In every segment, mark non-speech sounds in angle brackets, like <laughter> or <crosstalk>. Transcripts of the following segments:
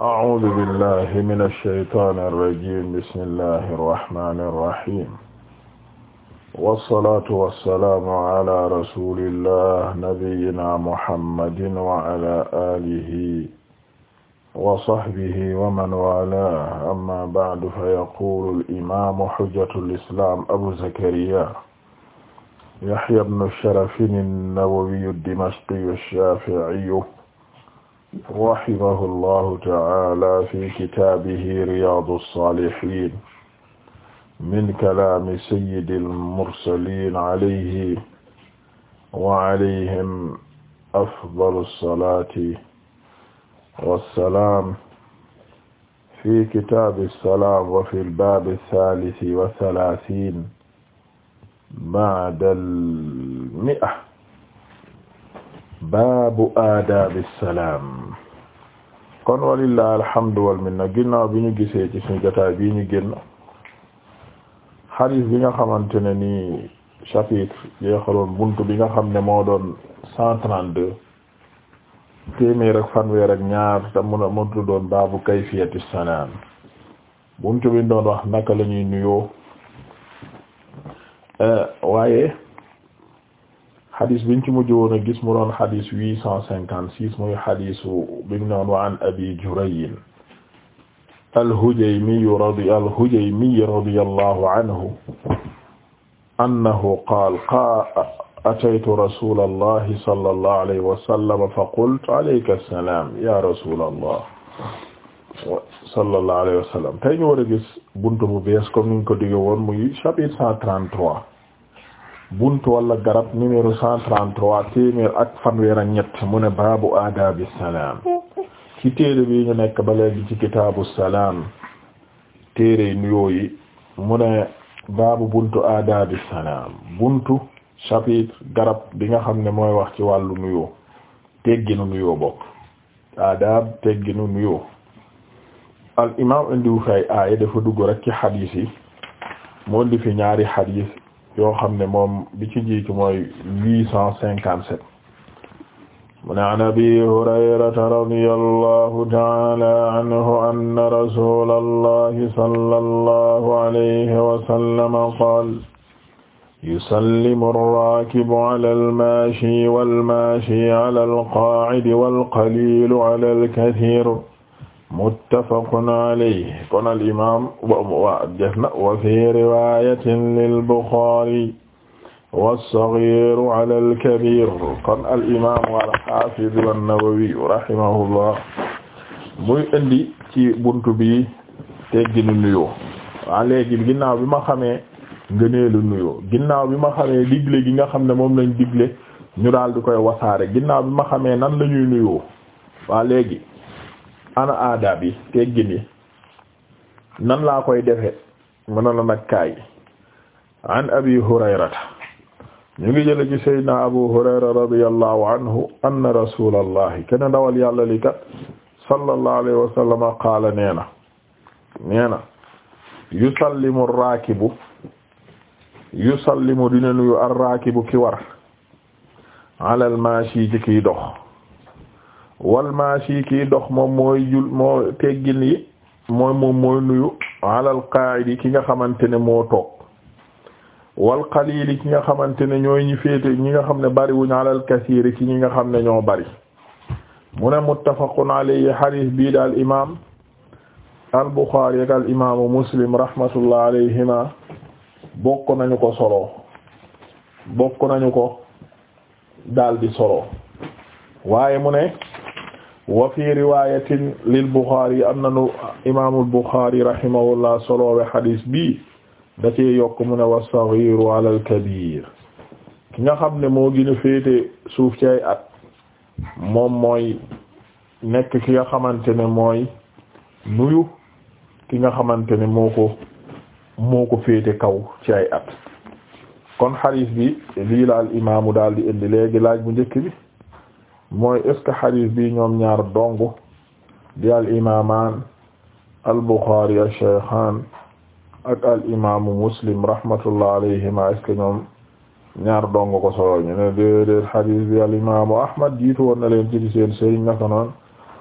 أعوذ بالله من الشيطان الرجيم بسم الله الرحمن الرحيم والصلاة والسلام على رسول الله نبينا محمد وعلى آله وصحبه ومن والاه أما بعد فيقول الإمام حجة الإسلام أبو زكريا يحيى بن الشرف النووي الدمشقي الشافعي rahimahu llahu ta'ala fi kitaabihi riyaadu saalihiin min kalaami sayyidil mursaliin alayhi wa alayhim afdalu salaati wa salaam fi kitaabi salaam wa fil baabi saalisi wa salaasiin ba'dal mi'a baabu aadaabi salaam kon walillahi alhamdu wal minna ginnaaw bi ñu gisee ci suñu jotaay bii ñu génn xadiis bi nga xamante ne nii chapitre jeexaloon buntu bi nga xam ne moo doon cent trente-deux téeméer ak fanweer ak ñaar te mun a mëntu doon baabu kayfiyati salaam buntu bi doon wax naka la nuyoo eh, waaye xadis biñ ci mujj woon a gis mu doon xadis huit cent cinquante six muy xadisu bi mu noon wa an abi Jurayy al-Hujaymi radi al-Hujaymi radiyallahu anhu annahu qaala qaala ataytu rasulallahi sallallahu alayhi wa sallam fa qultu alayka as-salaam ya rasulallah sallallahu alayhi wa sallam tey ñu war a gis buntu bu bees comme niñ ko dige woon muy chapitre cent trente-trois bunt walla garab numéro 133 téeméer ak fanweer ak ñett mu ne baabu aadaabi salaam ci téere bi ñu nekk ba léegi ci kitaabu salaam téere nuyoo yi mu ne baabu buntu aadaabi buntu chapitre garab bi nga xam ne mooy wax ci wàllu nuyoo tegginu nuyoo bokk aadaab tegginu nuyo al imaam indiwu fay aaya dafa dugg rek ci xadiis yi mu indi fi ñaari xadiis yoo xam ne moom bi ci jiitu mooy huit cent cinquante sept mu ne an abi hurayrata radiyallahu ta'ala anhu anna rasulallahi sallallahu alayhi wa sallam qaala yusallimu ar-raakibu ala al-maashi wal-maashi ala al-qaa'idi wal-qaliilu ala al-kathiir muttafaqun alayhi kon al wa def na wa fi riwaayatin lil Buxaari was-saghiiru ala al-kabiir kon al imaam wal nawawi rahimahullah muy indi ci bunt bi tegginu nuyoo waa léegi ginnaaw bi ma xamee ngëneelu nuyoo ginnaaw bi ma xamee digle gi nga xam ne moom lañ digle ñu daal di koy wasaare ginnaaw bi ma xamee nan la ñuy nuyoo waa léegi. ana aadaab yi nan laa koy defe mën na la nag kaay an abi hurayrata ñu ngi jële ci sayyidina abu hurayra radiyallahu anhu anna rasulallahi kenn dawal yàlla li kat sallallahu alayhi wa sallama neena neena yusallimu ar-raakibu yusallimu dina nuyu ar-raakibu ki war ala maashi ci dox wal maashi kii dox moom mooy jul moo teggin yi mooy moom mooy nuyu alal qaa'idi ki nga xamante ne moo toog wal yi ki nga xamante ne ñooy ñi féete ñi nga xam ne bariwuñ alal kasiiri ci ñi nga xam ne ñoo bari mu ne muttafaqun alayhi hadith bii daal imaam al Buxaari ak al imaamu Muslim rahmatullah alayhima bokk nañu ko solo bokk nañu ko daal di solo waaye mu ne wa fi riwayatin lil Bukhari am nanu imaamul Bukhari rahimahullah soloowe xadis bi da cee yokk mu ne wa saghiru ala al-kabir ki nga xam ne moo gën a suuf ci ay at moom mooy nekk ki nga xamante ne mooy nuyu ki nga xamante ne moko ko moo ko kaw ci at kon xadis bi lii la al imaamu daal di indi léegi laaj bu njëkk bi mooy est-ce bi ñoom ñaar dong di al imaamaan al buxaari al shaykhaan ak al imaamu muslim rahmatullah alayhima est-ce que bi al imaamu ahmad jiitu woon na leen ci seen sëriñ naka noonu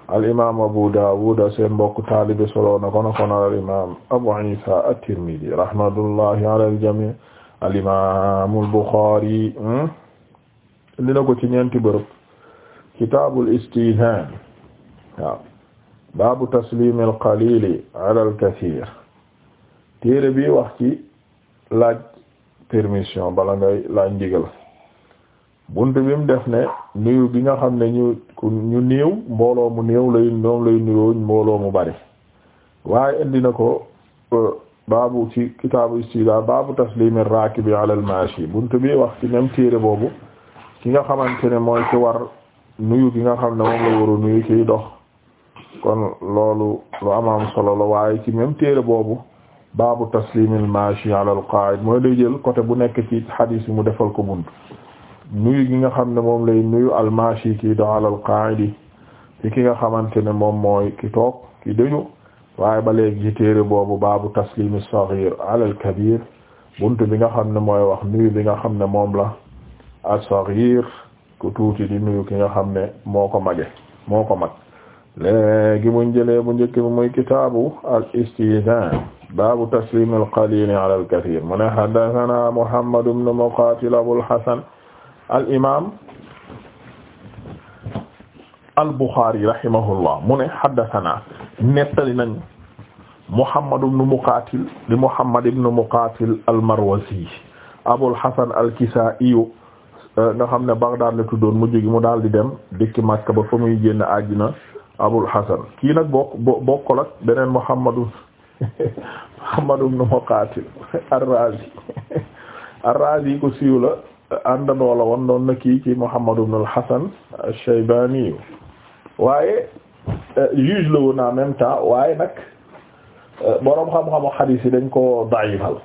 al imaam abu daawud seen mbokk taalibe solo na ko na al imaam abu isa at-tirmidhi rahmatullahi ala al jamii al imaamu al buxaari hmm? li na ko ci ñeenti bërëb. kitaabul isti'zaan waaw baabu tasliim al-qaliil ala al-kasiir téere bi wax ci laaj permission bala ngay laaj ndigal bunt bi mu def ne nuyu bi nga xam ne ñu ñu mbooloo mu néew lay ñoom lay nuyoo mbooloo mu bari waaye indi na ko e, baabu ci kitaabu istida baabu tasliimi raakibi ala al-maashi bunt bi wax ci même téere boobu ki nga xamante ne mooy ci war nuyu gi nga xam ne moom la war nuyu ciy dox kon loolu lu amaam solo la waaye ci même téere boobu baabu taslimil mashi ala al qa'id mooy day jël côté bu nekk ci xadiis mu defal ko bunt nuyu gi nga xam ne moom lay nuyu al mashi kiy dox ala al qa'id ki nga xamante ne moom mooy ki toog ki dëñu waaye ba léegi ci téere boobu baabu taslimi saghir ala al kabir bi nga xam ne mooy wax nuyu bi nga xam ne moom la as-saghir ku tuuti di nuyu ki nga xam ne moo ko mage moo ko mag léegi mu jëlee bu njëkk bi muy kitaabu al istizan baabu taslim al qalil ala al kathir mu ne haddathana muhammad ibn muqatil abul hasan al imam al bukhari rahimahullah mu ne haddathana nettali muqatil di muhammad ibn al hasan al kisaiyu Euh, nga xam ne Bagdad la tuddoon mujj gi mu daal di dem dikki Makka ba fa muy génn àddina Abul Hasan kii nag bokk bokkul ak beneen Muhammadu <laughs> Muhammadu ibn Muqatil ar-Razi <laughs> ar-Razi ku siiw la àndandoo la woon doon na kii ci Muhammadu ibn al-Hasan ash waaye euh, juge la woon a même waaye nag euh, boroom xam-xamu xadiis yi dañ ko dayifal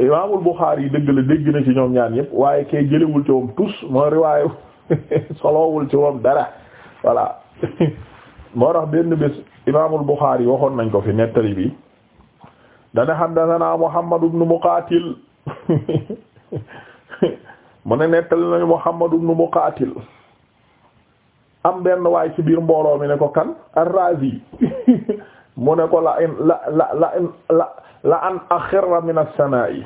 imaamul Buxaari yi dëgg la dégg na ci ñoom ñaan yëpp waaye kay jëlewul ci moom tus mooy riwaaye <laughs> solowul ci moom dara voilà moo tax benn bés imaamul Buxaari yi waxoon nañ ko fi nettali bi dana haddathana Muhammad ibn Muqaatil <laughs> mu ne nettali nañu Muhammad ibn Muqaatil am benn waay ci biir mbooloo mi ne ko kan ar <laughs> mu ne ko la in la la la la la an axirra min yi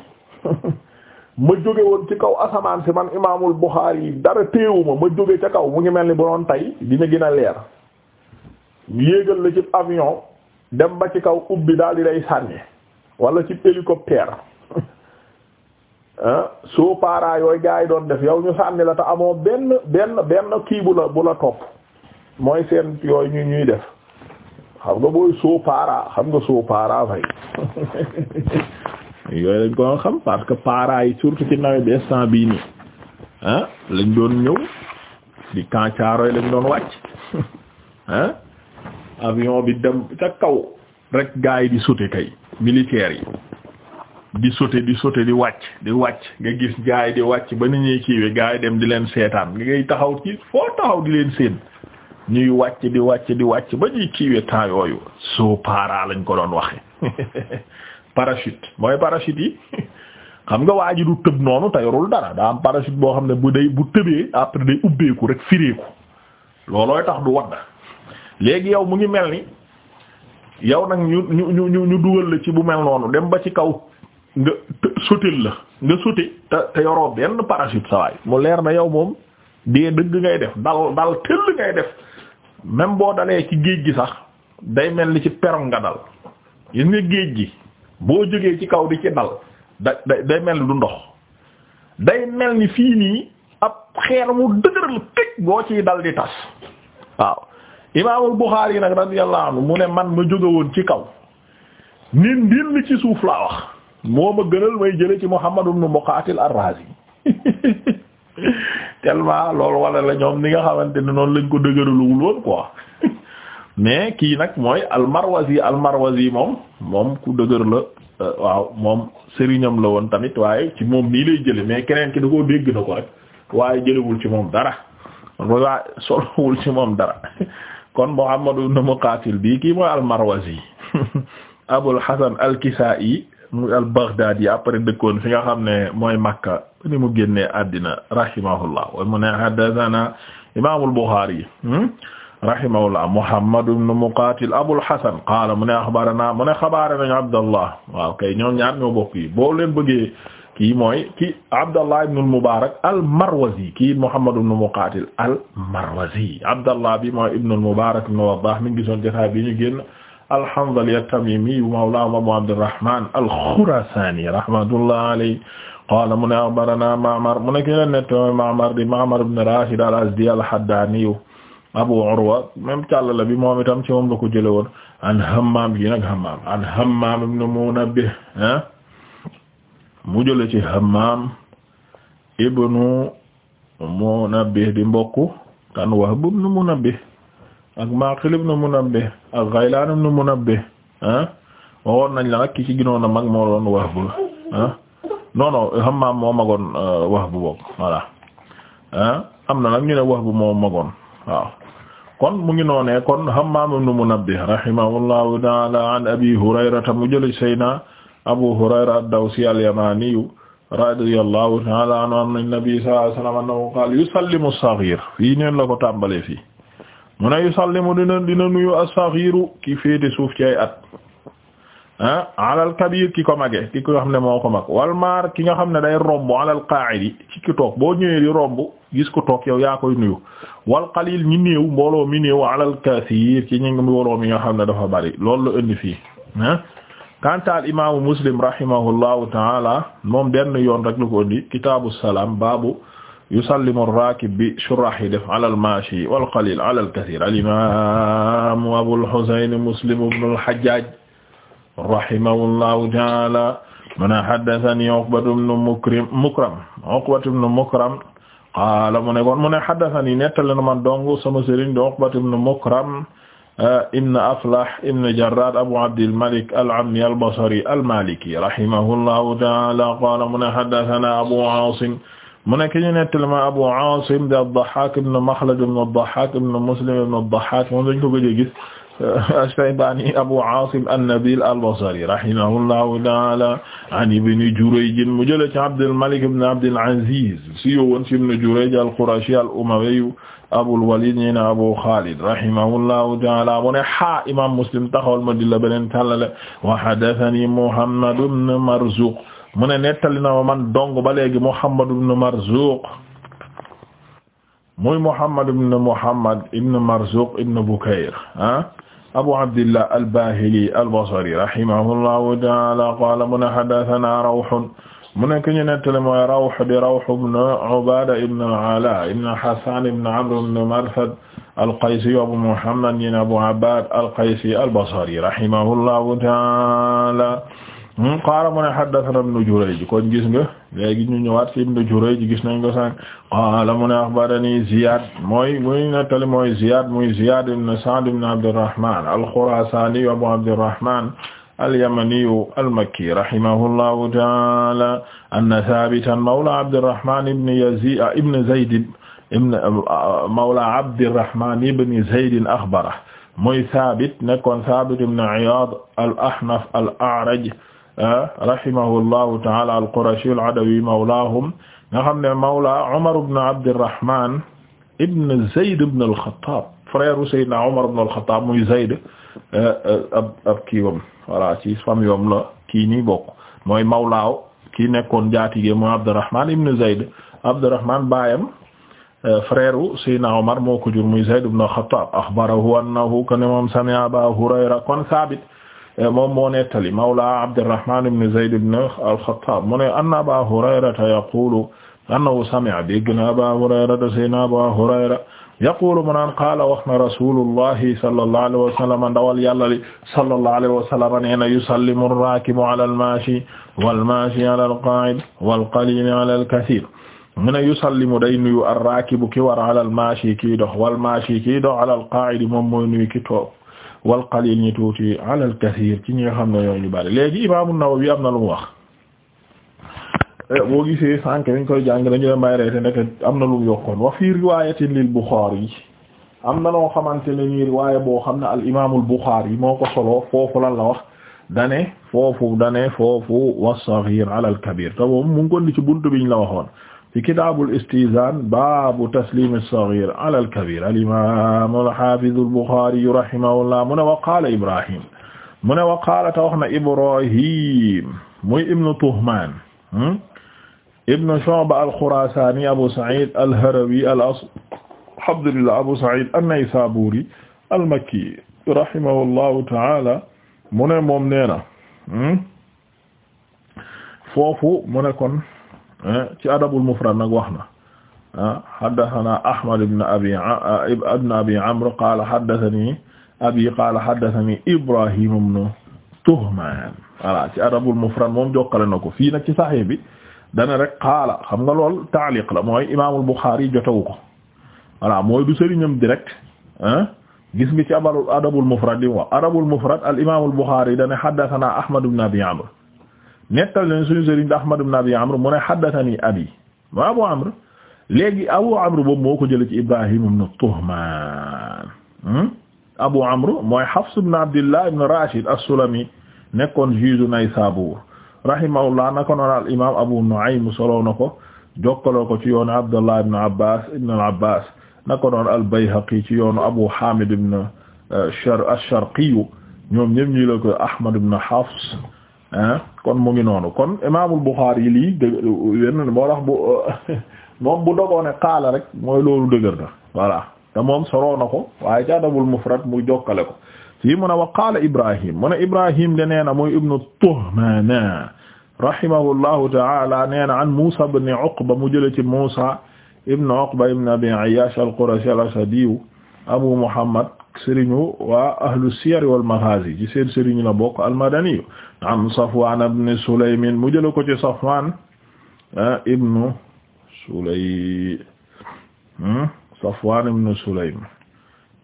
<laughs> ma jóge woon ci kaw asamaan si man imaamul Buxaari dara téewuma ma jóge ca kaw mu ngi mel ni bu doon tey dina gën a leer yéegal la ci avion dem ba ci kaw ubbi daal di lay sànni wala ci hélicoptère <laughs> ah soo paara yooy gars yi doon def yow ñu sànni la te amoo benn benn benn kii bu la bu la topp mooy seen yooyu ñu ñuy def xam nga booy soopaara xam nga soopaara fay <laughs> yooyu lañ ko xam parce que paara yi surtout ci nawet bi instant bii nii ah lañ doon ñëw di kancaaroy lañ doon wàcc <laughs> ah avion bi dem ca kaw rek gars yi di sauter kay militaires yi di sauter di sauter di wàcc di wàcc nga gis gars yi di wàcc ba ni ñuy kiiwee gars yi dem di leen seetaan nga ngay taxaw ci foo taxaw di leen seen ñuy wàcc di wàcc di wàcc ba ñuy kiiwee temps yooyu soo para lañ ko doon waxe <laughs> parachute mooy parachute yi <laughs> xam nga waa ji du tëb noonu te yorul dara daa am parachute boo xam ne bu day bu tëbee après day ubbeeku rek fireeku loolooy tax du wadd léegi yow mu ngi mel ni yow nag ñu ñu ñu ñu dugal la ci bu mel noonu dem ba ci kaw nga sotel la nga sote te te yoroo benn parachute sa waay mu leer na yow moom dee dëgg ngay def dal dal tëll ngay def même boo dalee ci géej gi sax day mel ni ci perong nga dal gis nga géej gi boo jógee ci kaw di ci dal da day mel ni du ndox day mel ni fii nii ab xeer mu dëgëral këj boo ciy dal di tas waaw imaamul Buxaari nag radiyallahu anhu mu ne man ma jóge woon ci kaw nit ndil ci suuf laa wax moo ma gënal may jële ci Muhammad ibn Muqatil ar-Razi <laughs> <laughs> tellement loolu wala la ñoom ni nga xamante ne noonu lañ ko dëgëraluwul woon quoi <laughs> mais kii nag mooy almarwazi almarwazi moom moom ku dëgër la euh, waaw moom sëriñam la woon tamit waaye ci moom nii lay jële mais keneen ki da koo dégg na ko rek waaye jëlewul ci moom dara waaye <laughs> solowul ci moom dara kon Muhammad ibn Muqatil bi kii mooy almarwazi Abul Hasan al-Kisa'i muy al-Baghdadi après dëkkoon fi nga xam ne mooy Makka ni mu génnee àddina rahimahullah wa mu ne haddathana imaam al-Bukhari hmm? rahimahullah Muhammad ibn Muqatil Abul Hasan qaala mu ne axbarana mu ne xabaare nañu Abdallah waaw kay ñoom ñaar ñoo bokk yi boo leen bëggee kii mooy kii Abdallah ibn al-Mubarak al-Marwazi kii Muhammad ibn Muqatil al-Marwazi Abdallah bi mooy ibn al-Mubarak ibn Waddah mi ngi gisoon jotaay bi ñu génn al-Hanzali at-Tamimi mawlaahum Abu Abdirrahman al-Khurasani rahmatullahi alayhi qaala mu ne axbarana Ma'mar mu ne ki leen nettali Ma'mar di Ma'mar ibn Rashid al-Azdi al-Haddani Abu Urwa même càllala bi moom itam ci moom la ko jëlee woon an Hammaam yi nag Hammaam an Hammaam ibn Munabbih mu jëlee ci Hammaam ibn Munabbih di mbokk kan Wahb ibn Munabbih ak Maqil ibn Munabbih ak Ghaylan ibn Munabbih ah waxoon nañ la nag ci ginoon mag moo Wahb ah non Hammaam moo magoon euh, Wahb bokk voilà ah am na nag Wahb moo magoon kon mu ngi noonee kon Hammaam ibn Munabbih rahimahullahu ta'ala mu jëli sayna Abu Hurayra ad-Dawsi al ta'ala anhu an nabi sallallahu annahu qala yusallimu as-saghir fii neen la ko tàmbalee fii mu ne yusallimu dina dina nuyu as-saghiru ki féete suuf ci ay at ah alal kabir ki ko mage ki ko xam ne moo ko mag wal maar ki nga xam ne day romb alal qaa'idi ci ki toog boo ñëwee di romb gis ko toog yow yaa koy nuyu wal qalil ñi néew mbooloo mi néew alal kasiir ci ñi mbooloo mi nga xam ne dafa bari loolu la indi fii ah kantaal imaamu muslim rahimahullahu taala moom benn yoon rek la ko indi kitaabu salaam baabu yusallimu ar-raakib bi shurrahi def ala al-maashi wal qaliil ala al-kathiir al-imaam Abul Husayn Muslim ibn al-Hajjaaj rahimahullahu ta'aala mu ne haddathanii Uqbatu ibn Mukrim Mukram Uqbatu ibn Mukram qaala mu ne kon mu ne haddathanii nettali na ma dong sama sëriñ di Uqbatu ibn Mukram eh, ibn Aflah ibn Jarraad Abu Abdil Malik al-Ammi al-Basri al-Maliki rahimahullahu ta'aala qaala mu ne haddathanaa Abu Aasim mu nekk ñu nettali ma Abu Aasim di ad-Dahhaak ibn Makhlad ibn ad-Dahhaak ibn Muslim ibn ad-Dahhaak moom dañ ko gëj a gis euh, Ash-Shaybani Abu Aasim an-Nabil al-Basri rahimahullahu ta'ala an Ibn Jurayj mu jële ci Abdul Malik ibn Abdul Aziz si yowoon si Ibn Jurayj al-Qurashi al-Umawi Abul Walid ñi na Abu Khalid rahimahullahu ta'ala mu ne ha Imam Muslim taxawal ma di la beneen tàllale wa haddathani Muhammad ibn Marzuq mu ne nettali na ma man dong ba léegi Muhammad ibn Marzuq muy Muhammad ibn Muhammad ibn Marzuq ibn Bukayr ah Abu Abdillah al-Bahili al-Basri rahimahullahu ta'ala qala mu ne haddathana Rawh mu ne ki ñu nettali mooy Rawh di Rawh ibn Ubada ibn al-Ala ibn Hasan ibn Amr ibn Marsad al-Qaysi Abu Muhammad ibn Abu Abbad al-Qaysi al-Basri rahimahullahu ta'ala Hmm? qaala mu ne haddathana ibnu Jurayj kon gis nga léegi ñu ñëwaat ci ibnu Jurayj gis nañ ko sànq qaala mu ne akhbarani Ziyad mooy muy nettali mooy Ziyad muy Ziyad ibn Sa'd ibn Abdurrahman al-Khurasani Abu Abdurrahman al-Yamani al-Makki rahimahullahu ta'ala anna Thabitan mawla Abdurrahman ibn Yazid ah, ibn Zayd ibn mawla Abdurrahman ibn Zayd akhbarahu mooy Thabit nekkoon Thabit ibn Iyad al-Ahnaf al-A'raj rahimahullahu ta'ala al-Qurashi al-Adawi mawlaahum nga xam ne mawla Umar ibn Abdirrahman ibn Zayd ibn al-Khattab frère Seydina Umar ibn al-Khattab muy Zayd eh, eh, ab ab kiiwam voilà ci fam yoom la kii nii bokk mooy mawlaaw kii nekkoon jaatige mooy Abdirrahman ibn Zayd Abdirrahman baayam eh, frère Seydina Umar moo ko jur muy Zayd ibn al-Khattab akhbarahu annahu kana moom sami'a Aba Hurayra kon Saabit moom moo nettali mawla Abdurrahman ibn Zayd ibn al-Khattab mu ne anna Aba Hurayrata yaqulu annahu sami'a dégg na Aba Hurayrata sayna Aba Hurayra yaqulu mu naan qaala wax na rasulullahi sallallahu alayhi wa sallam ndawal yàlla li sallallahu alayhi wa sallam nee na yusallimu ar-raakibu ala al-maashi wal-maashi ala al-qaa'id wal-qaliil ala al-kathiir mu ne yusallimu day nuyu ar-raakibu ki war ala al-maashi kii dox wal-maashi kii dox ala al-qaa'id moom mooy nuyu ki toog wal qalil ñi tuuti ala al kathir ci ñi nga xam ne ñoo ñu bari léegi Imaam An-Nawawi am na lu mu wax. Eh, boo gisee sànq dañ koy jàng dañu leen bàyyi rek am na lu mu yokkoon wa fi riwaayatin lil Bukhari am na loo xamante ne nii riwaaya boo xam ne al imaamul Bukhari moo ko solo foofu lan la wax dane foofu dane foofu wa saghir ala al kabir te moom mu ngi ko ci buntu biñ la waxoon. ci kitaabul istizaan baabu tasliimi as-sagiir alal kabiir al-imaam al-haafiz al-Buxaari rahimahullah mu ne wa qaala Ibrahim mu ne wa qaala te wax na Ibrahim muy ibnu Tuhmaan hmm? ibnu Shu'ba al-Khuraasaani Abu Sa'iid al-Harawi al-asl alhamdulillah Abu Sa'iid an-Naysaabuuri al-Makki rahimahullahu ta'aala mu ne moom nee na hmm? foofu mu ne kon. Eh, ci adabul mufrad nag wax na ah haddathana Ahmad ibn Ibrahim ibn Tuhman voilà ci adabul mufrad moom jokkale na ko fii nag ci Sahih bi dana rek xam nga lool taaliq la mooy imaamul Bukhari jotewu ko voilà mooy du sëriñam direct ah gis ci abal adabul mufrad li mu wax adabul mufrad al imaamul Bukhari dana haddathana Ahmad nettal leen suñu sëriñ bi Ahmad ibn Abi Amr mu ne haddathani abi wa Abu Amr léegi Abu Amr boobu moo ko jëlee ci Ibrahim ibn Tuhman hmm? Abu Amr mooy Hafs ibn Abdillah ibn Rashid as-Sulami nekkoon juge Naysabur rahimahullah naka noonu al imaam Abu Nu'aym solo na ko jokkaloo ko ci yoonu Abdullah ibn Abbas ibn al-Abbas naka noonu al-Bayhaqi ci yoonu Abu Hamid ibn eh, Shar ash-Sharqi ñoom ñëpp ñu la ko Ahmad ibn Hafs kon mu ngi noonu kon imaamul Buxaari yi lii dëgg wenn moo tax bu <laughs> moom bu dogoo ne xaala rek mooy loolu dëgër na voilà te moom soroo na ko waaye ca adabul mufrad mu jokkale ko fii mu ne wa qaala Ibrahim mu ne Ibrahim de nee na muy ibnu Tuhmaana rahimahullahu taala nee na an Muusa ibn Uqba mu jële ci Muusa ibn Uqba ibn Abi Ayyaash al-Qurashi al-Asadiyu Abu Muhammad sëriñu waa ahlu siyar wal maghazi ci seen sëriñu la bokk almadani an Safwan ibn Sulaym mu jël ko ci Safwan ah, ibn Sulaym hmm, Safwan ibn Sulaym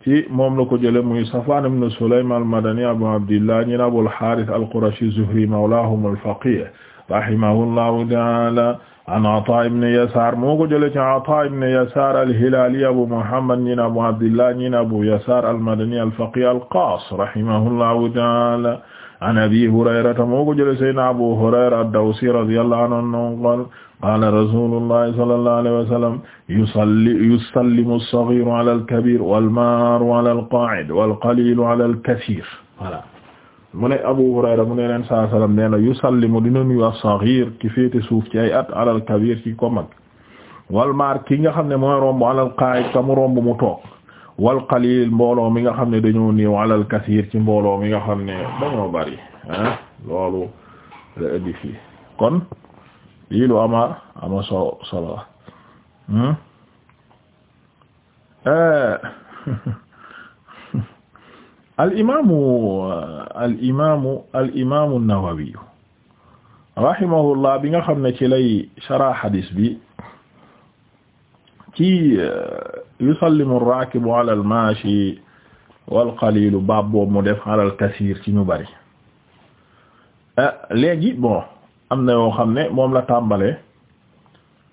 ci moom la ko jële muy Safwan ibn Sulaym al-Madani Abu Abdillah ñi Abul Harith al-Qurashi az-Zuhri mawlahum al-faqih rahimahullahu ta'ala an Ataa ibn Yasaar moo ko jëlee ci Ataa ibn Yasaar al-Hilaali Abu Muhammad ñi na Abu Abdillah ñi na Abu Yasaar al-Madani al-Faqih al-Qaas rahimahullahu ta'aala an Abi Hurayrata moo ko jëlee Seydina Abu Hurayra ad-Dawsi radiyallahu anhu qaala qaala rasuulullahi sallallahu alayhi wa sallam yusalli yusallimu as-saghiiru ala al-kabiir wal maaru ala al-qaa'id wal qaliilu ala al-kathiir voilà mu ne Abu Hurayra mu ne leen saa salaam nee na yusallimu dina nuyu as-saghir ki féete suuf ci ay at alal kabir ci ko mag wal maar ki nga xam ne mooy romb alal qaa'id ka mu romb mu toog wal qalil mbooloo mi nga xam ne dañoo néew alal kasiir ci mbooloo mi nga xam ne dañoo bari ah loolu la indi fii kon lii lu ama ama so solo ah. <laughs> al imaamu uh, al imaamu al imaamu Nawawi rahimahullah bi nga xam ne ci lay shara hadis bi ci uh, yusallimu raakibu ala al maashi wal qalilu baab boobu mu def ala al kasiir ci ñu bari uh, léegi bon am na yoo xam ne moom la tàmbalee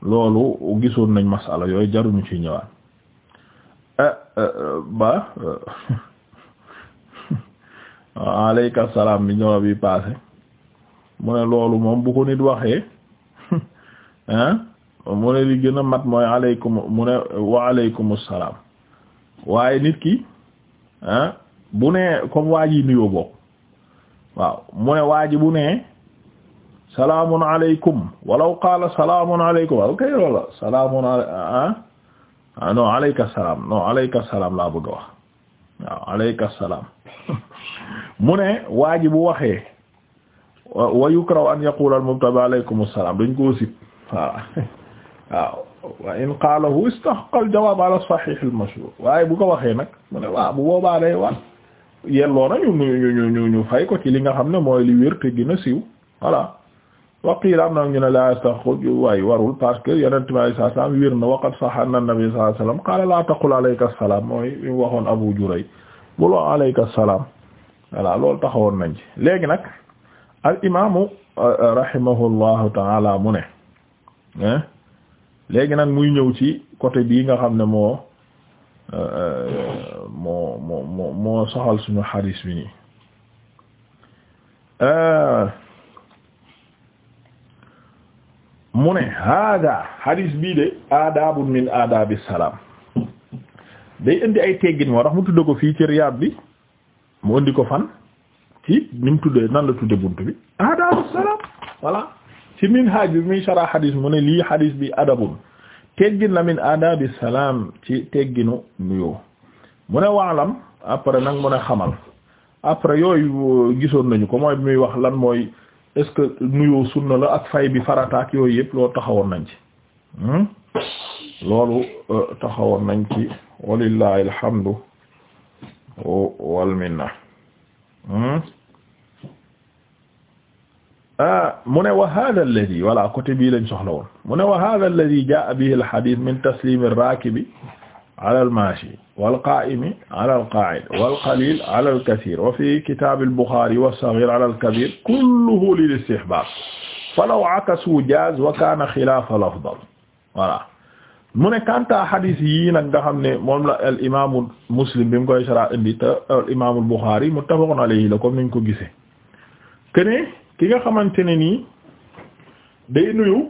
loolu gisoon nañ masala yooyu jaruñu ci ñëwaat ba <laughs> aleyka salaam bi ñëw bi passé mu ne loolu moom bu ko nit waxee <laughs> mu ne li gën a mat mooy aleykum mu ne wa salaam waaye nit ki bu ne comme waa ji nuyoo bokk waaw mu ne waa ji bu ne salaamun aleykum walaw qaala salaamun aleykum waaw kay loolu ah, salaam non salaam laa bëgg wax waaw aleyka salaam <laughs> mu ne waa ji bu waxee wa yukrahu an yaqula al mubtadi alaykum assalam dañ koo sib waaw waaw wa in qaalahu istahaqqa al jawaab ala al mashhur waaye bu ko waxee nag mu ne waaw bu boobaa day wan fay ko ci li nga xam ne mooy li wér te gën a siiw voilà wa am na ñu ne laa yastahaqq waaye warul parce que yonent salaam wér na wa qad sahha anna nabi sallallahu laa taqul alayka salaam mooy waxoon Abu Juray bu loo alayka salaam voilà loolu taxawoon nañ ci léegi nag al imaamu euh, rahimahullahu taala mu ne léegi nag muy ñëw ci côté bii nga xam ne moo euh, euh, moo moo soxal suñu xadis bi nii mu ne hada xadis bii de aadaabun min aadaabi salaam day indi ay teggin moo tax mu tudd ko fii ci Riyaad bi mu indi ko fan ci ni mu tuddee nan la tuddee bunt bi adabu salaam voilà ci minhaaj bi muy sara xadis mu ne lii xadis bi adabun teggin la min adabi salaam ci tegginu nuyoo mu ne waalam après nag mu ne xamal après yooyu euh, gisoon nañu ko mooy bi muy wax lan mooy est-ce que nuyoo sunna la ak fay bi farataak yooyu yëpp loolu taxawoon nañ ci hmm? loolu euh, taxawoon nañ ci walillahi alhamdu wal minna hmm? ah, mu ne wa hada alladi voilà côté bii lañ soxla woon mu ne wa hada alladi jaa bihi alhadith min taslimi alrakibi ala almashi walqaimi ala alqaid walqalil ala alkathir wa fi kitab albukhari walsaghir ala alkabir kulluhu lilistihbab falaw akasu jaz wa kana khilafa al afdal voilà mu ne kanta hadis yii nag nga xam ne moom la al imaamu muslim bi mu koy sara indi te al imaamu buxaari muttafaqun yi la comme niñ ko gisee kene ki nga xamante ne nii day nuyu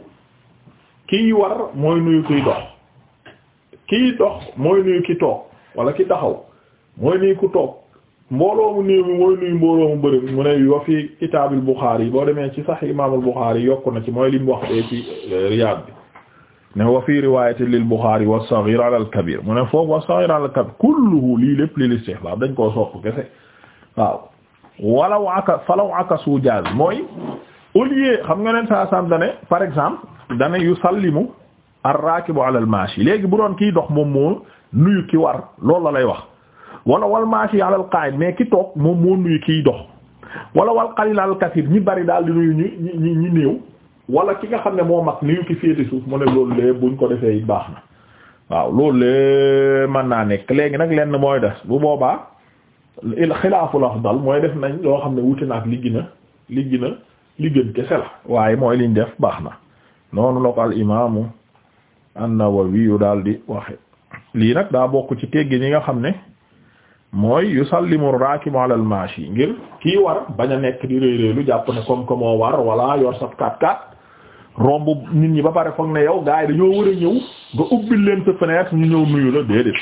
kiy war mooy nuyu kiy dox kiy dox mooy nuyu ki toog wala ki taxaw mooy nuyu ku toog mbooloo mu néew mi mooy nuyu mbooloo mu bëri mu ne wa fi kitaabil buxaari boo demee ci sax imaamul buxaari yokku na ci mooy lim wax dee ci riyaad bi ne wa fi riwayati lil Bukhari wa saghir ala al kabir mu ne foofu wa saghir kabir kulluhu lii lépp lil istihbab dañ koo sopp kese waaw walaw aka falaw aka su jaaz mooy au xam nga neen saa sam dane par exemple dane yu ar-rakibu ala al-mashi léegi bu doon kii dox moom moo nuyu ki war loolu lay wax wala wal mashi ala al-qa'id ki toog moom moo nuyu kiy dox wala wal qalil ala al ñi bari daal di nuyu ñi ñi néew wala ki nga xam ne moo mag niw ki féete suuf mu ne loolu lee buñ ko defee it baax na waaw loolu lee mën naa nekk léegi nag lenn mooy def bu boobaa xilaaful afdal mooy def nañ loo xam ne wuti na li gën a li gën a kese la waaye mooy liñ def baax na noonu la ko al imaamu an-Nawawi yu daal di waxe lii nag daa bokk ci teggi ñi nga xam ne mooy yusallimu ar-raakibu ala al-maashi ngir kii war bañ a nekk di réy réylu jàpp ne comme que moo war wala yor romb nit ñi ba pare foog na yow gars yi dañoo war a ñëw nga ubbi leen sa fenêtre ñu ñëw nuyu la déedéet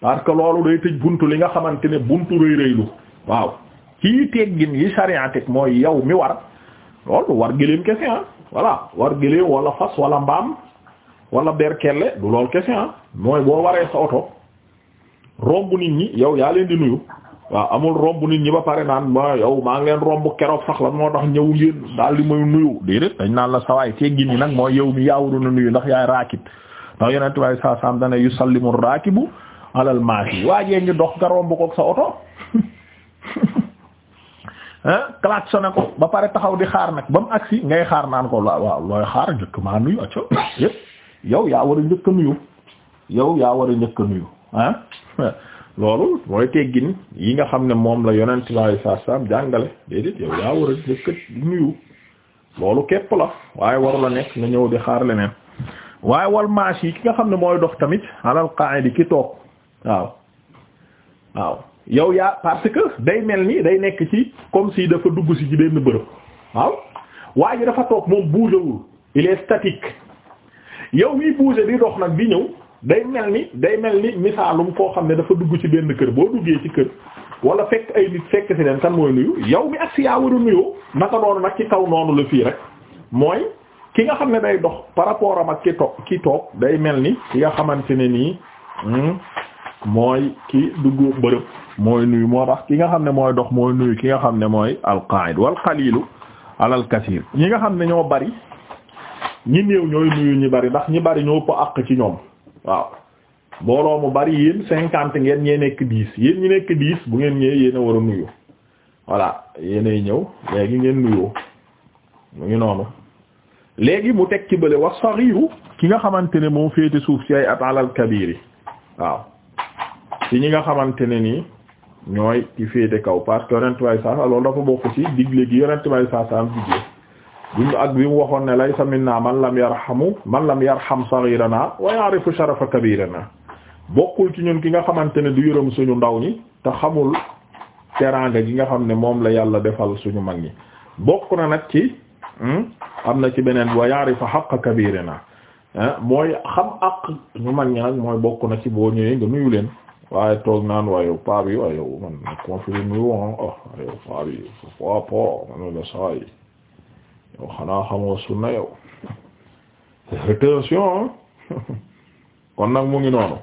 parce que loolu day tëj buntu li nga xamante ne buntu rëy rëylu waaw kii teggin yi sariya mooy yow mi war loolu war gëléem kese ah voilà war gëléem wala fas wala mbaam wala berkelle du loolu kese ah mooy boo waree sa oto romb nit ñi yow yaa leen di nuyu waaw amul romb nit ñi ba pare naan ma yow maa ngi romb keroog sax la moo tax ñëw ngeen daal di may nuyu déedéet dañ naan la sawaay teggin yi nag mooy yow mi yaawuruna nuyu ndax yaay raakib ndax yonent waaye saa saam dana yu sallimu raakibu alal maasi waajee ngi dox nga romb koog sa oto ah <laughs> klaxonné ko ba pare taxaw di xaar nag ba mu agsi ngay xaar naan ko waaw looy xaar njëkk maa nuyu acca yow yaa war a njëkk a nuyu yow <laughs> loolu mooy teggin yi nga xam ne moom la yonent bi saa saam jàngale déedéet yow yaa war a njëkk nuyu loolu képp la waaye waru la nekk nga ñëw di xaar leneen waaye wal yi ki nga xam ne mooy dox tamit alal di ki toog waaw waaw yow yaa parce que day mel ni day nekk ci comme si dafa dugg ci benn bërëb waaw waa dafa toog moom bougewul il est statique yow miy bouger di dox nag di ñëw. day mel ni day mel ni misaalum koo xam ne dafa dugg ci benn kër boo duggee ci kër wala fekk ay nit fekk ci leen kan mooy nuyu yow mi ak si yaa war a nuyoo naka noonu nag ci kaw noonu la fii rek mooy ki nga xam ne day dox par rapport am ak ki toog ki toog day mel ni ki nga xamante ne nii hmm, mooy ki dugg bërëb mooy nuyu moo tax ki nga xam ne mooy dox mooy nuyu ki nga xam ne mooy alqaid wal qalilu alal kasir ñi nga xam ne ñoo bari ñi néew ñooy nuyu ñi bari ndax ñi bari ñoo ëpp ci ñoom waaw mbooloo mu bari yéen cinquante ngeen ñee nekk dix yéen ñi nekk dix bu ngeen ñëwee yéen a war a nuyu voilà yéenay ñëw léegi ngeen nuyoo mu ngi noonu léegi mu teg ci bële wax saxiiru ki nga xamante ne moo féete suuf ci ay at alal yi waaw ci ñi nga xamante ne nii ñooy ci féete kaw parce que yonent bay saa loolu dafa bokk ci digle gi yonent bay saa am digle bi ak bi mu waxoon ne laysa minna man lam yarhamu man lam yarham saghirana wa ya'rifu sharafa kabirana bokkul ci ñun ki nga xamante ne du yërëm suñu ndaw ñi te xamul teraanga gi nga xam ne moom la yàlla defal suñu mag ñi bokk na nag ci hmm, am na ci beneen wa ya'rifu haqqa kabirina eh, mooy xam ak ñu mag ñi nag mooy bokk na ci boo ñëwee nga nuyu leen waaye toog naan waaye paa bi waaye man confirme nuyu woon ah, ah waaye paa bi paa yow xanaa xamoo sunna yow attention kon nag mu ngi noonu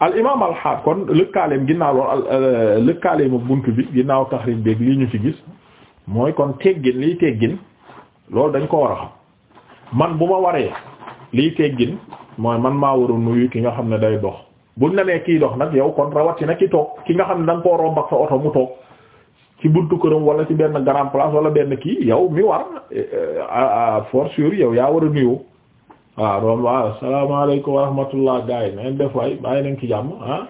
al imaam al xaat kon lëkkaaleem ginnaaw loolu euh, lëkkaaleem ak bunt bi ginnaaw taxrib beeg lii ñu ci gis mooy kon teggin liy teggin loolu dañ ko war a xam man bu ma waree liy teggin mooy man maa warul a nuyu ki nga xam ne day dox bu la nee kiy dox nag yow kon rawatina ki toog ki nga xam ne da nga koo romb ak sa oto mu toog ci buntu këram wala ci benn grand place wala benn kii yow mi war eh, eh, à yow yaa war a nuyoo waaw ah, doom waaw asalaamaaleykum wa rahmatullah gaa yi neen def waay bàyyi nañ jàmm ah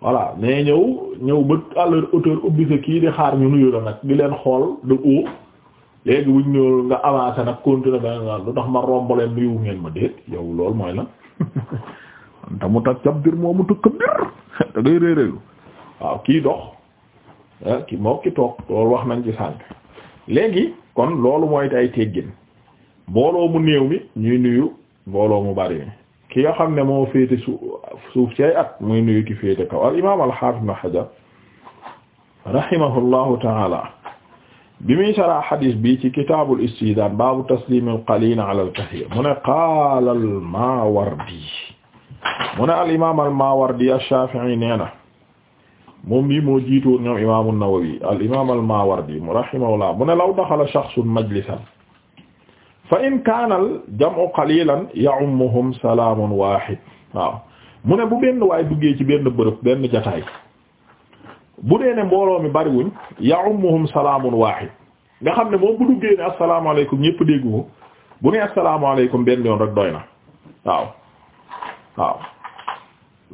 voilà mais ñëw ñëw ba à leur hauteur ubbi sa kii di xaar ñu nuyu la nag di leen xool de haut léegi buñ ñëw nga avancé nag continuer ba lu tax ma romb leen nuyu ngeen ma déet yow loolu mooy la <laughs> <laughs> te mu tax cab dir moomu tëkka bir da ngay réeréelu waaw kii dox Ah, ki moo ki wax nañ ci kon loolu mooy ay teggin booloo mu néew mi ñuy nuyu mbooloo mu bari mi ki nga xam ne moo féete suuf suuf ci at muy nuyu ki féete kaw al imaam al xaafis ibn Hajar rahimahullahu taala bi muy saraa xadiis bi ci kitaabul istidaan baabu taslim al qalil ala al kathir mu ne qaala al Maawardi mu ne al imaam al Maawardi ash-Shaafi'i nee na moom mii moo jiitoon ñoom imaamu Nawawi al imaam al Maawardi rahimahullah mu ne law daxala shaxsun majlisan fa in kaana al jam'u qalilan ya'ummuhum salaamun waahid waaw mu ne bu benn waay duggee ci benn bërëb benn jataay bu dee ne mbooloo mi bariwuñ ya'ummuhum salaamun waahid nga xam ne moom bu duggee ne asalaamaaleykum ñëpp dégg ko bu ne asalaamaaleykum benn yoon rek doy na waaw waaw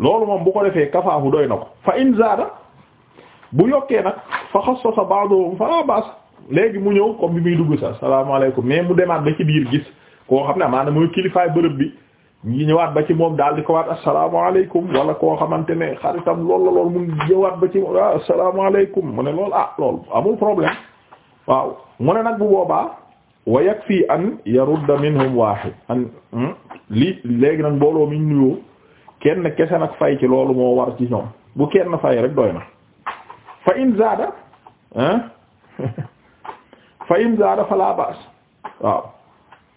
loolu moom bu ko defee kafaahu doy na ko fa in zaada bu yokkee nag fa xassasa ba'dhum fala ba's léegi mu ñëw comme bi muy dugg sa salaamaaleykum mais mu demaat ba ci biir gis koo xam ne amaana mooy kilifaay bërëb bi ñi ñëwaat ba ci moom daal di ko waat asalaamaaleykum wala koo xamante ne xaritam lool la lool mu ñëwaat ba ci moom waaw ah, asalaamaaleykum mu ne lool ah lool amul problème waaw mu ne nag bu boobaa wa yakfi an yarudda minhum wahid an hmm, lii léegi nag mbooloo mi ñu kenn kese nag fay ci loolu moo war bu kenn fay rek doy na <laughs> fa in zaada fa in zaada fala baas waaw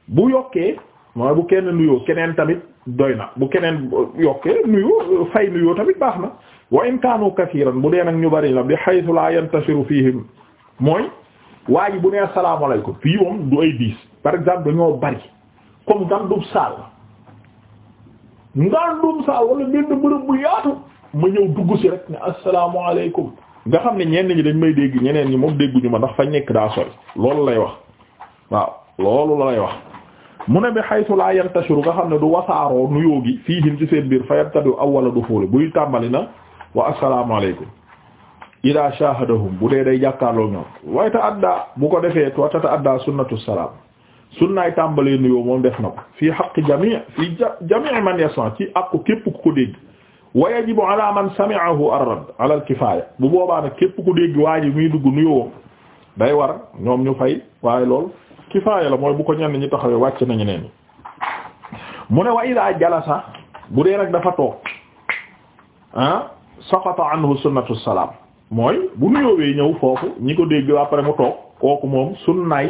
bu yokkee mooy bu kenn nuyoo keneen tamit doy na bu keneen yokkee nuyoo fay nuyoo tamit baax na wa in kaanu kasiiran bu dee nag ñu bari la bi haythu la yantasiru fihim mooy waa ji bu nee asalaamaaleykum fii moom du ay diis par exemple dañoo bari comme ngandum saal ngandum saal wala benn bërëb bu yaatu ma ñëw dugg ci rek ne asalaamaaleykum nga xam ne ñenn ñi dañ may dégg ñeneen ñi moom ñu ma ndax fañ nekk daa sori loolu lay wax waaw loolu lay wax mu ne bi haythu la yantashiru nga xam ne du wasaaroo nuyoo gi fii hin ci seen biir fa yabtadu du dukhul buy tàmbali na wa assalaamu alaykum ida shahadahum bu dee day jàkkaarloo ñoom waaye ta adda bu ko defee wa ta adda sunnatu salaam sunnaay tàmbalee nuyoo moom def na ko fii haqqi jami' fii jami' man yasma ci àqu képp ku ko dégg wa yajibu ala man sami'ahu ar-radd ala bu boobaa nag képp ku dégg waa ji muy dugg nuyoo day war ñoom ñu fay waaye lool kifaaya la mooy bu ko ñenn ñi taxawee wàcc nañu neen mu ne wa ida jalasa bu dee nag dafa toog ah saqata anhu sunnatu salaam mooy bu nuyoowee ñëw foofu ñi ko dégg après mu toog kooku moom sunnaay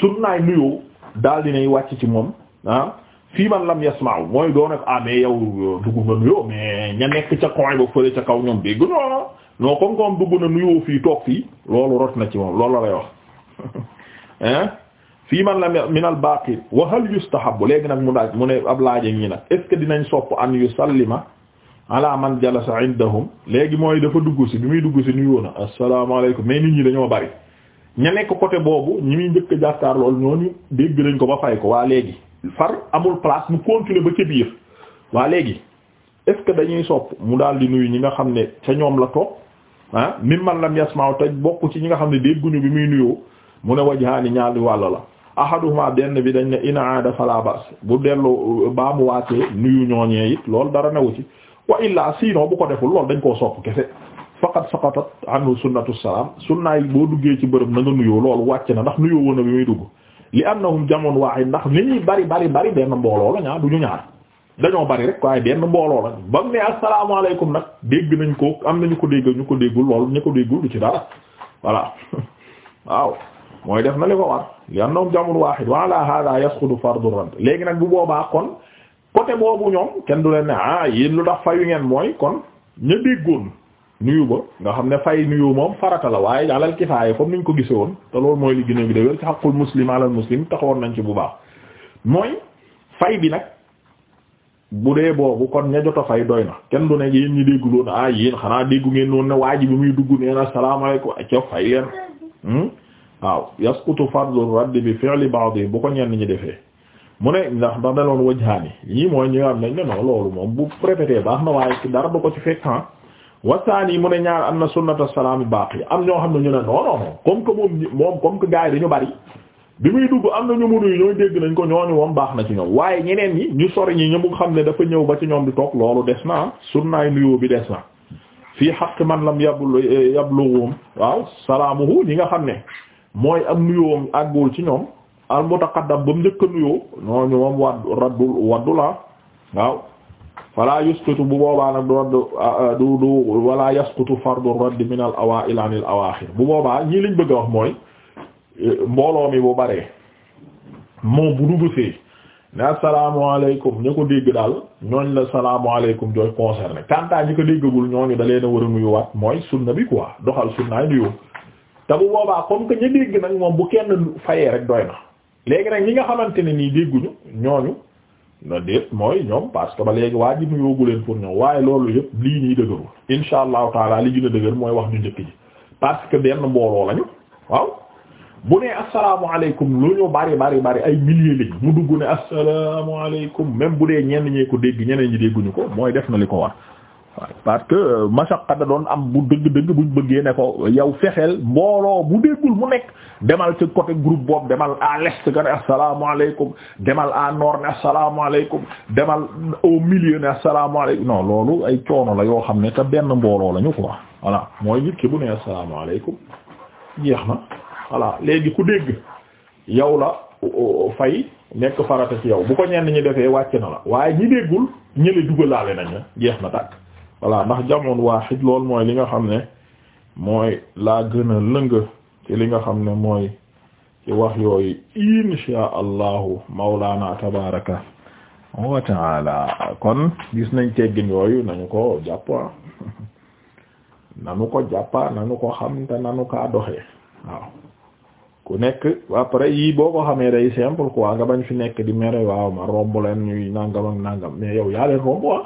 sunnaay nuyoo daal dinay wàcc ci moom ah fii man lam yasma'u mooy doo ak ah mais yow euh, dugg nga nuyoo mais ña nekk ca coin ba fële ca kaw ñoom dégg non non comme comme dugg na nuyoo fii toog fii loolu rot na ci moom loolu la lay wax <laughs> fii man lam min al baqi wa hal yustahabbu léegi nag mu daaj ne ab laaje ñi nag est ce que dinañ sopp an yusallima ala man jalasa indahum léegi mooy dafa dugg si bi muy dugg si nuyoo na asalaamaaleykum mais nit ñi dañoo bari ña nekk côté boobu ñi muy njëkk a jàkkaar loolu dégg nañ ko ba fay ko waa léegi far amul place mu continuer ba ca biir waa léegi est-ce que dañuy sopp mu daal di nuyu ñi nga xam ne ca ñoom la toog ah la lam yasma'u taj bokk ci ñi nga xam ne dégguñu bi muy nuyoo mu ne wajhaani ñaari wàll la ahaduhuma benn bi dañ ne in aada fala bas bu dellu baa mu waatee nuyu ñooñee it loolu dara newu ci wa illaa sinon bu ko deful loolu dañ koo sopp kese faqad saqatat anhu sunnatu salaam sunnaay boo duggee ci bërëb na nga nuyoo loolu wàcc na ndax nuyoo muy dugg li annahum jamoon waahid ndax li ñuy bari bari bari benn mbooloo la ñaar du ñu ñaar dañoo bari rek waaye benn mbooloo la ba mu ne asalaamaaleykum nag dégg nañ ko am nañu ko dégg ñu ko déggul loolu ñu ko déggul du ci dara voilà <laughs> waaw mooy def na li ko war li annahum jamoon waahid wa ala hada yasqutu fardu radd léegi nag bu boobaa kon côté boobu ñoom kenn du leen ne ah yi lu tax fayu ngeen mooy kon ña déggoon. nuyu ba nga xam ne fay nuyu moom farata la waaye alal kifaaya comme niñ ko gise woon te loolu mooy li gën a bi déwél ci xaqul muslim alal muslim taxawoon nañ ci bu baax mooy fay bi nag bu dee boobu kon ña jot a fay doy na kenn du ne yéen ñi dégguloon ah yéen xanaa déggu ngeen noonu ne waa ji bi muy dugg neen asalaamaaleykum aco fay leen hmm? waaw yasqutu fadlu radd bi fi'li ba'd bu ko ñenn ñi defee mu ne ndax ndax daloon wajhaani ñii mooy ñi nga am baax na waaye dara du ko ci ah. wasaani mu ne ñaar am na sunnata salaam baaqiya am ñoo xam ne ñu ne non non comme que moom moom comme que gars yi dañu bari bi muy dugg am na ñu mu nuyu ñooy dégg nañ ko ñooñu moom baax na ci ñoom waaye ñeneen ñi ñu sori ñi ñu xam ne dafa ñëw ba ci ñoom di toog loolu des na ah sunnaay nuyoo bi des na fii xaq man lam yablu yabluhum waaw salaamuhu ñi nga xam ne mooy am nuyoom àggul ci ñoom al mutaqaddam ba mu njëkk a nuyoo ñooñu moom wad raddul waddu la ah, waaw wala yasqutu bu boobaa nag du ah, du du wala yasqutu fardu radd min al awaa'il an al awaaxir bu boobaa ñii liñ bëgg a wax mooy mbooloo mi bu baree moom bu duggsee ne asalaamaaleykum ñu ko dégg daal ñooñ la salaamaaleykum jooy concerné kantaa ñi ko déggagul ñooñu da leen a war a nuyuwaat mooy sunna bi quoi doxal sunnaay nuyu te bu boobaa kom que ñu dégg nag moom bu kenn fayee rek doy na léegi nag ñi nga xamante ne nii dégguñu ñooñu. la déet mooy ñoom parce que ba léegi waa ji nu yóbbu leen pour ñoom waaye loolu yëpp lii nii dëgërul insha allahu taala li gën a dëgër mooy wax ju njëkk ji parce que benn mbooloo lañu waaw bu ne asalaamaaleykum lu ñu bari bari bari ay millier lañu mu dugg ne asalaamaaleykum même bu dee ñenn ñee ko dégg ñeneen ñi dégguñu ko mooy def na li ko war waaw parce que euh, mashaqqa da doon am bu dëgg-dëgg buñ bëggee ne ko yow fexeel mbooloo bu déggul mu nekk demal ci côté groupe boobu demal à l'est nga ne asalaamaaleykum demal à nord ne asalaamaaleykum demal au milieu ne asalaamaaleykum non loolu ay coono la yoo xam ne te benn mbooloo lañu ko wax voilà mooy nit ki bu ne asalaamaaleykum jeex na voilà léegi ku dégg yow la fay nekk farata ci yow bu ko ñenn ñi defee wàcc na la waaye ñi déggul ñële dugalaale na tàkk voilà ndax jamoon waaxid lool mooy li nga xam ne mooy laa gën a lëng ci li nga xam ne mooy ci wax yooyu insha allahu mawlaana tabaraka wa taala kon gis nañ teggin yooyu nañu ko jàppa nanu ko jàppa nanu ko xam te nanu kaa doxee waaw ku nekk après yii boo ko xamee day simple quoi nga bañ fi nekk di mere waaw ma romb leen ñuy nangam nangam mais yow yaa leen romb ah.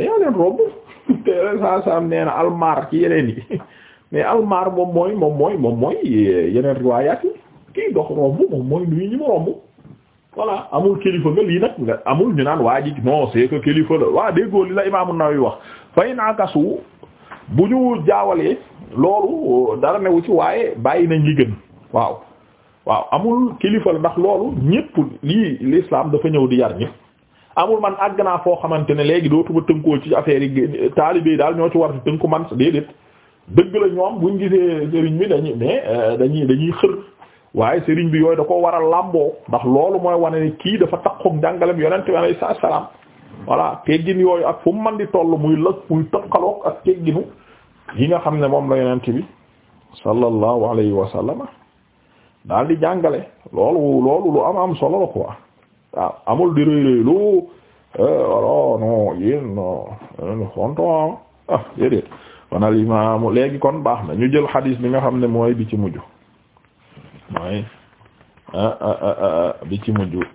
yaa leen romb <laughs> te saa saa nee na almaar ci yeneen yi <laughs> mais almaar moom mooy moom mooy moom mooy eh, yeneen riwaayaat yi kii dox romb moom mooy nuyu ñi mu romb voilà amul kilifa nga lii nag nga amul ñu naan waa ji non c'est que kilifa la waa déggoo li la Imaam An-Nawawi wax fay naa kasu bu ñu jaawalee loolu eh, dara newu ci waaye bàyyi nañ li gën waaw waaw amul kilifa la ndax loolu ñépp lii l'islam dafa ñëw di yar ñépp amul man àgg naa foo xamante ne léegi dootuma tënkoo ci affaire yi taalibe yi daal ñoo ci war di tënku man déedéet dëgg la ñoom buñ gisee sëriñ bi dañuy mais euh, dañuy dañuy xër waaye sëriñ bi yooyu da ko war làmboo ndax loolu mooy wane ne kii dafa takkook njàngalem yonent bi alayhi salaam voilà teggin yooyu ak fu mu mën di toll muy lëkk muy tëkkaloog ak tegginu yi nga xam ne moom la yonent bi sallallahu alayhi wa sallam daal di jàngale loolu loolu lu am am solo la quoi. waaw ah, amul di réeréelu eh, alors non yéen non fonton ah, ah déedéet kon al imaamu léegi kon baax na ñu jël xadiis bi nga xam ne mooy bi ci mujj mooy ah, bi ci mujj